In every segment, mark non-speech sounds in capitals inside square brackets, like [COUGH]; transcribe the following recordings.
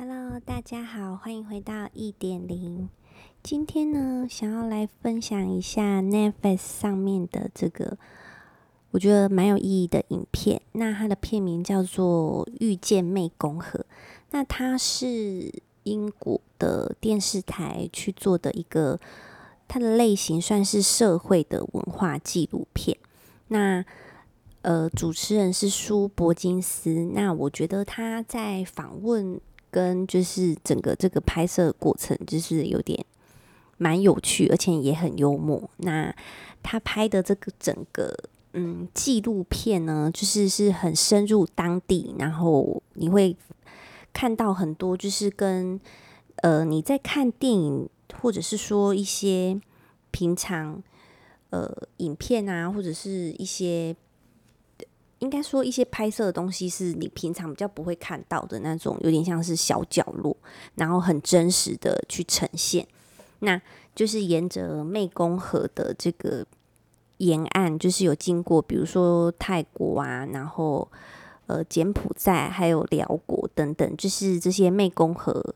Hello，大家好，歡迎回到一點零。今天呢，想要來分享一下 Netflix 上面的這個我覺得蠻有意義的影片。那它的片名叫做《遇見湄公河》。那它是英國的電視台去做的一個，它的類型算是社會的文化紀錄片。那呃，主持人是蘇柏金斯。那我覺得他在訪問。跟就是整個這個拍攝過程，就是有點蠻有趣，而且也很幽默。那他拍的這個整個嗯紀錄片呢，就是是很深入當地，然後你會看到很多，就是跟呃你在看電影或者是說一些平常呃影片啊，或者是一些。應該說，一些拍攝的東西是你平常比較不會看到的那種，有點像是小角落，然後很真實的去呈現。那就是沿着湄公河的這個沿岸，就是有經過，比如說泰國啊，然後呃柬埔寨，還有寮國等等，就是這些湄公河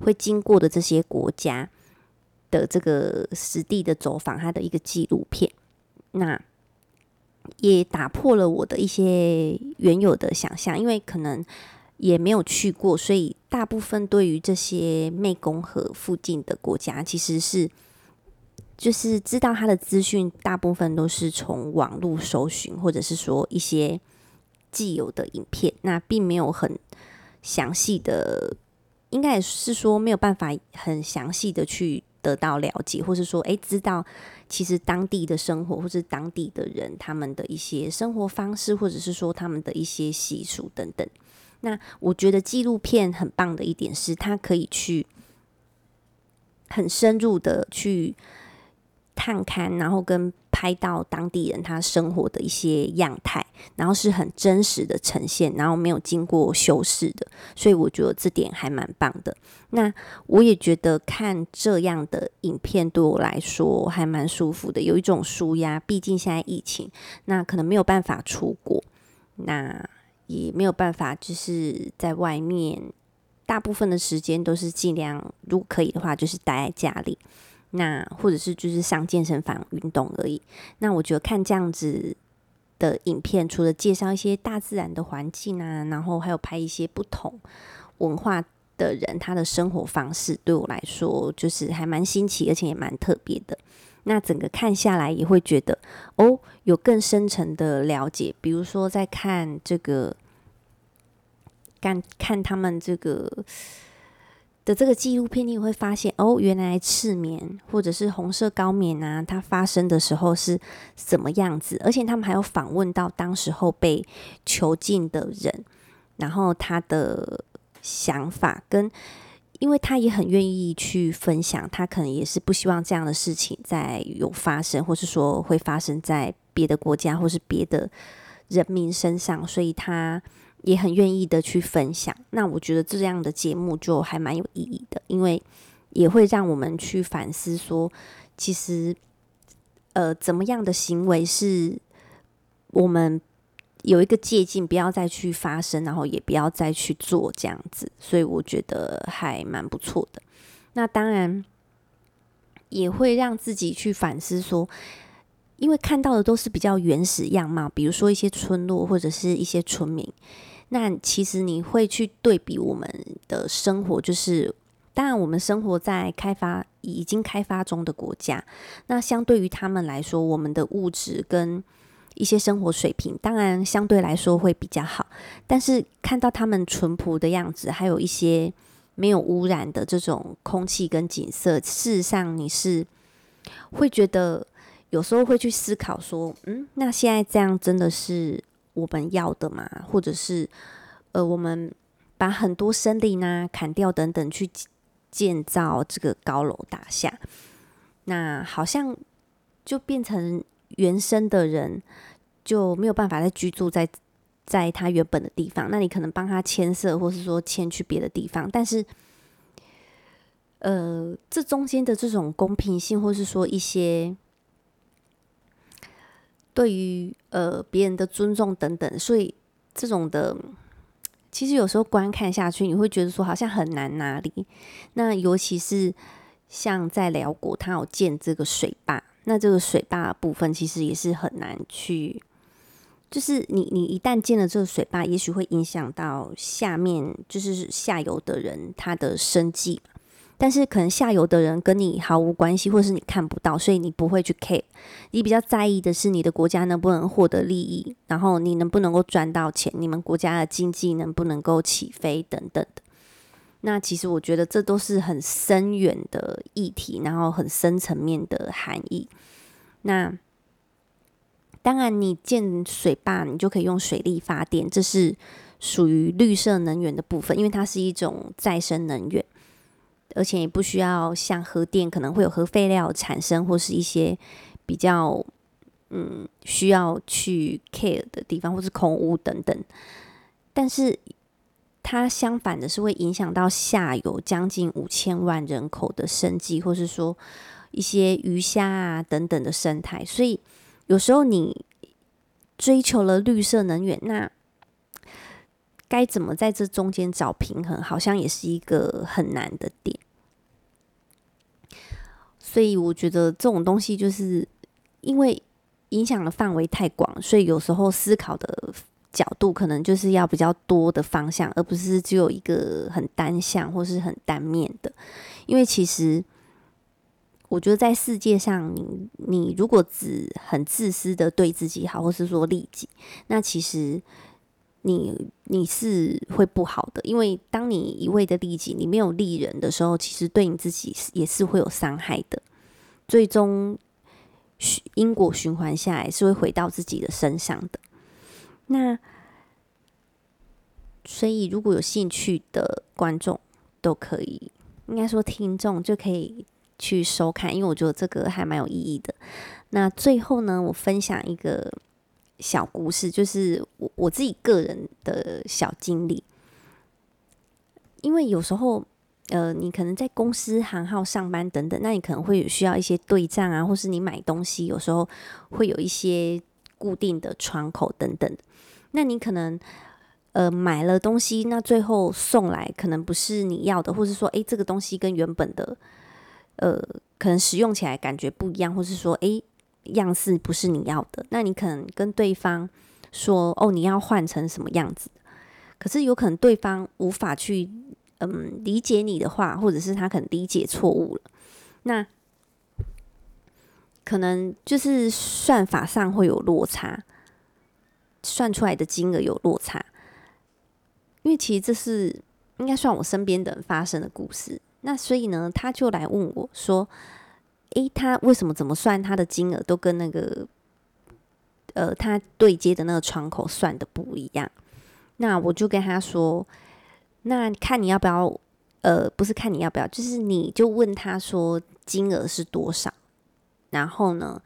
會經過的這些國家的這個實地的走訪，它的一個紀錄片。那也打破了我的一些原有的想象，因為可能也沒有去過，所以大部分對於這些湄公河附近的國家，其實是就是知道他的資訊，大部分都是從網絡搜尋，或者是說一些既有的影片，那並沒有很詳細的，應該也是說沒有辦法很詳細的去，得到了解，或是說，哎、欸，知道其實當地的生活，或是當地的人，他們的一些生活方式，或者是說他們的一些習俗等等。那我覺得紀錄片很棒的一點是，他可以去很深入的去。探看，然後跟拍到當地人他生活的一些樣態，然後是很真實的呈現，然後沒有經過修飾的，所以我覺得這點還蠻棒的。那我也覺得看這樣的影片對我來說還蠻舒服的，有一種舒壓。畢竟現在疫情，那可能沒有辦法出國，那也沒有辦法就是在外面，大部分的時間都是盡量如果可以的話，就是待在家裡。那或者是就是上健身房運動而已。那我覺得看這樣子的影片，除了介紹一些大自然的環境啊，然後還有拍一些不同文化的人他的生活方式，對我來說就是還蠻新奇，而且也蠻特別的。那整個看下來也會覺得哦，有更深層的了解。比如說在看這個，看看他們這個。的這個紀錄片，你會發現，哦，原來赤棉或者是紅色高棉啊，它發生的時候是什麼樣子？而且他們還有訪問到當時候被囚禁的人，然後他的想法跟，因為他也很願意去分享，他可能也是不希望這樣的事情再有發生，或是說會發生在別的國家或是別的人民身上，所以他。也很願意的去分享，那我覺得這樣的節目就還蠻有意義的，因為也會讓我們去反思說，說其實，呃，怎麼樣的行為是我們有一個借鑑，不要再去發生，然後也不要再去做這樣子，所以我覺得還蠻不錯的。那當然也會讓自己去反思說，說因為看到的都是比較原始樣貌，比如說一些村落或者是一些村民。那其實你會去對比我們的生活，就是當然我們生活在開發已經開發中的國家，那相對於他們來說，我們的物質跟一些生活水平，當然相對來說會比較好。但是看到他們淳樸的樣子，還有一些沒有污染的這種空氣跟景色，事實上你是會覺得有時候會去思考說，嗯，那現在這樣真的是我們要的嘛？或者是，呃，我們把很多森林吶砍掉等等，去建造這個高樓大廈，那好像就變成原生的人就沒有辦法再居住在在他原本的地方。那你可能幫他遷舍，或是說遷去別的地方，但是，呃，這中間的這種公平性，或是說一些。對於呃別人的尊重等等，所以這種的其實有時候觀看下去，你會覺得說好像很難拿捏。那尤其是像在寮國，他有建這個水壩，那這個水壩的部分其實也是很難去，就是你你一旦建了這個水壩，也許會影響到下面就是下游的人他的生計。但是可能下游的人跟你毫無關係，或者是你看不到，所以你不會去 care。你比較在意的是你的國家能不能獲得利益，然後你能不能夠賺到錢，你們國家的經濟能不能夠起飛等等的。那其實我覺得這都是很深遠的議題，然後很深層面的含義。那當然，你建水壩，你就可以用水力發電，這是屬於綠色能源的部分，因為它是一種再生能源。而且也不需要像核電可能會有核廢料產生，或是一些比較嗯需要去 care 的地方，或是空污等等。但是它相反的是會影響到下游將近五千萬人口的生計，或是說一些魚蝦啊等等的生態。所以有時候你追求了綠色能源，那該怎麼在這中間找平衡，好像也是一個很難的點。所以我覺得這種東西就是，因為影響的範圍太廣，所以有時候思考的角度可能就是要比較多的方向，而不是只有一個很單向或是很單面的。因為其實我覺得在世界上你，你你如果只很自私的對自己好，或是說利己，那其實。你你是會不好的，因為當你一味的利己，你沒有利人的時候，其實對你自己也是會有傷害的。最終，因果循環下來是會回到自己的身上的。那，所以如果有興趣的觀眾都可以，應該說聽眾就可以去收看，因為我覺得這個還蠻有意義的。那最後呢，我分享一個。小故事，就是我我自己個人的小經歷，因為有時候，呃，你可能在公司、行號上班等等，那你可能會有需要一些對賬啊，或是你買東西，有時候會有一些固定的窗口等等。那你可能，呃，買了東西，那最後送來可能不是你要的，或是說，誒，這個東西跟原本的，呃，可能使用起來感覺不一樣，或是說，誒。樣式不是你要的，那你可能跟對方說：“哦，你要換成什麼樣子？”可是有可能對方無法去嗯理解你的話，或者是他可能理解錯誤了，那可能就是算法上會有落差，算出來的金額有落差。因為其實這是應該算我身邊的人發生的故事，那所以呢，他就來問我說。誒，他為什麼怎麼算他的金額都跟那個呃，他對接的那個窗口算的不一樣？那我就跟他說，那看你要不要，呃，不是看你要不要，就是你就問他說金額是多少，然後呢，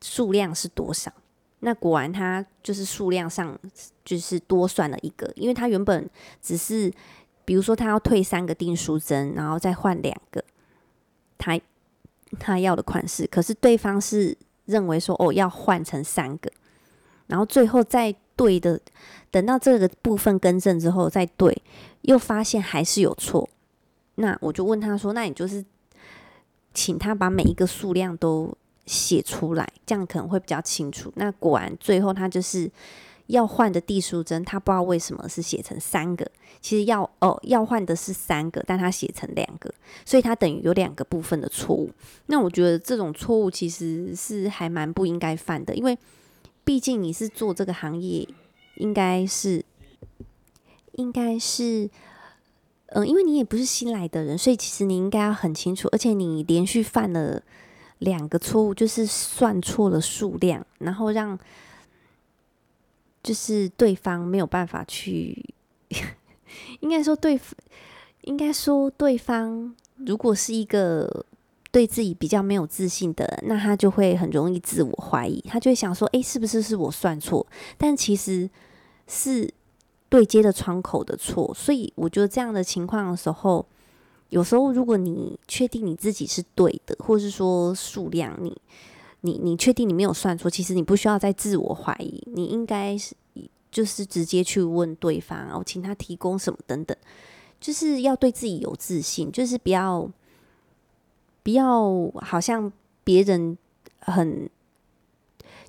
數量是多少？那果然他就是數量上就是多算了一個，因為他原本只是比如說他要退三個訂書針，然後再換兩個，他。他要的款式，可是對方是認為說哦，要換成三個，然後最後再對的，等到這個部分更正之後再對，又發現還是有錯。那我就問他說：“那你就是請他把每一個數量都寫出來，這樣可能會比較清楚。”那果然最後他就是要換的地數針，他不知道為什麼是寫成三個，其實要哦要換的是三個，但他寫成兩個，所以他等於有兩個部分的錯誤。那我覺得這種錯誤其實是還蠻不應該犯的，因為畢竟你是做這個行業，應該是應該是嗯、呃，因為你也不是新來的人，所以其實你應該要很清楚，而且你連續犯了兩個錯誤，就是算錯了數量，然後讓。就是對方沒有辦法去， [LAUGHS] 應該說對，應該說對方如果是一個對自己比較沒有自信的人，那他就會很容易自我懷疑，他就會想說：“哎、欸，是不是是我算錯？”但其實是對接的窗口的錯。所以我覺得這樣的情況的時候，有時候如果你確定你自己是對的，或是說數量你。你你確定你沒有算錯？其實你不需要再自我懷疑，你應該是就是直接去問對方，然後、喔、請他提供什麼等等，就是要對自己有自信，就是不要不要好像別人很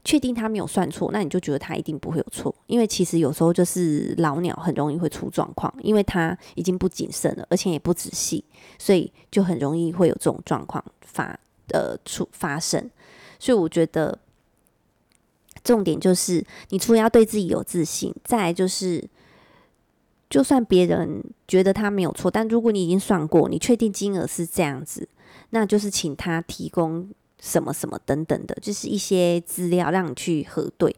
確定他沒有算錯，那你就覺得他一定不會有錯，因為其實有時候就是老鳥很容易會出狀況，因為他已經不謹慎了，而且也不仔細，所以就很容易會有這種狀況發呃出發生。所以我覺得重點就是，你除了要對自己有自信，再就是，就算別人覺得他沒有錯，但如果你已經算過，你確定金額是這樣子，那就是請他提供什麼什麼等等的，就是一些資料讓你去核對，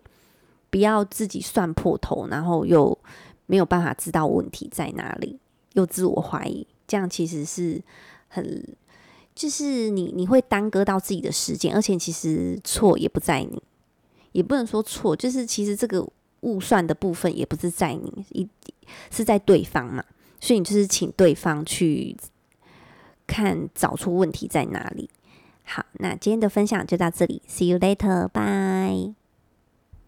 不要自己算破頭，然後又沒有辦法知道問題在哪裡，又自我懷疑，這樣其實是很。就是你，你會耽擱到自己的時間，而且其實錯也不在你，也不能說錯，就是其實這個誤算的部分也不是在你，一是在對方嘛，所以你就是請對方去看，找出問題在哪裡。好，那今天的分享就到這裡，See you later，bye。